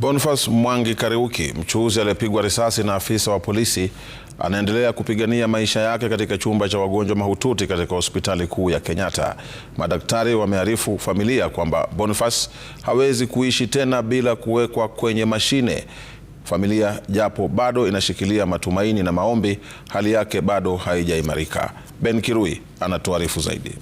Boniface Mwangi Kariuki, mchuuzi aliyepigwa risasi na afisa wa polisi, anaendelea kupigania maisha yake katika chumba cha wagonjwa mahututi katika hospitali kuu ya Kenyatta. Madaktari wamearifu familia kwamba Boniface hawezi kuishi tena bila kuwekwa kwenye mashine. Familia japo bado inashikilia matumaini na maombi, hali yake bado haijaimarika. Ben Kirui anatuarifu zaidi.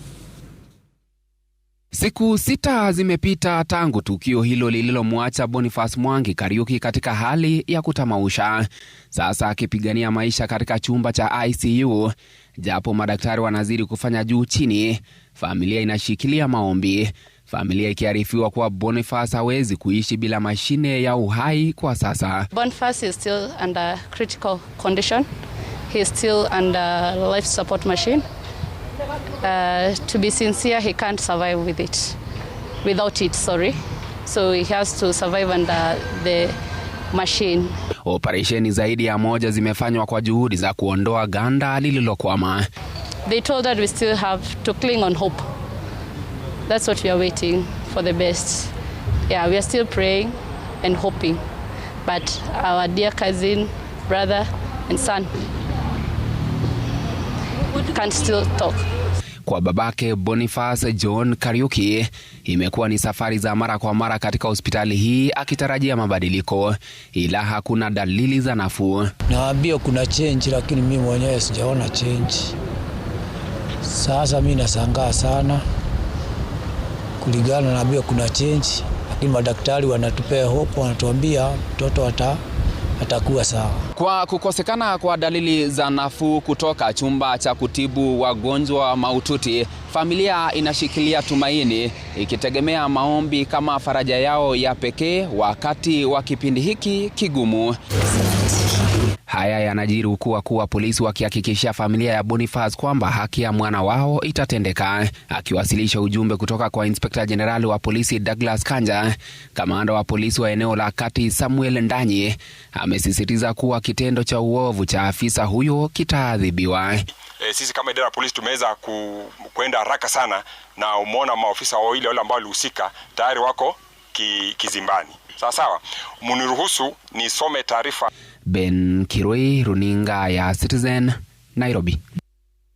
Siku sita zimepita tangu tukio hilo lililomwacha Boniface Mwangi Kariuki katika hali ya kutamausha, sasa akipigania maisha katika chumba cha ICU. Japo madaktari wanazidi kufanya juu chini, familia inashikilia maombi, familia ikiarifiwa kuwa Boniface hawezi kuishi bila mashine ya uhai kwa sasa. Boniface is still under critical condition. He is still under life support machine. Uh, to be sincere, he can't survive with it, without it, sorry. So he has to survive under the machine. Operesheni zaidi ya moja zimefanywa kwa juhudi za kuondoa ganda lililokwama. They told that we still have to cling on hope. That's what we are waiting for the best. Yeah, we are still praying and hoping. But our dear cousin, brother and son can still talk kwa babake Boniface John Kariuki imekuwa ni safari za mara kwa mara katika hospitali hii akitarajia mabadiliko, ila hakuna dalili za nafuu. Naambia kuna change, lakini mimi mwenyewe sijaona change. Sasa mimi nasangaa sana kulingana, naambia kuna change, lakini madaktari wanatupea hope, wanatuambia mtoto ata atakuwa sawa. Kwa kukosekana kwa dalili za nafuu kutoka chumba cha kutibu wagonjwa mahututi, familia inashikilia tumaini ikitegemea maombi kama faraja yao ya pekee wakati wa kipindi hiki kigumu. Haya yanajiri huku wakuu wa polisi wakihakikishia familia ya Boniface kwamba haki ya mwana wao itatendeka. Akiwasilisha ujumbe kutoka kwa inspekta jenerali wa polisi Douglas Kanja, kamanda wa polisi wa eneo la kati Samuel Ndanyi amesisitiza kuwa kitendo cha uovu cha afisa huyo kitaadhibiwa. E, sisi kama idara ya polisi tumeweza ku, kuenda haraka sana na umeona maofisa wawili wale ambao walihusika tayari wako ki, kizimbani. Sawa sawa, nisome taarifa. Ben Kirui, runinga ya Citizen, Nairobi.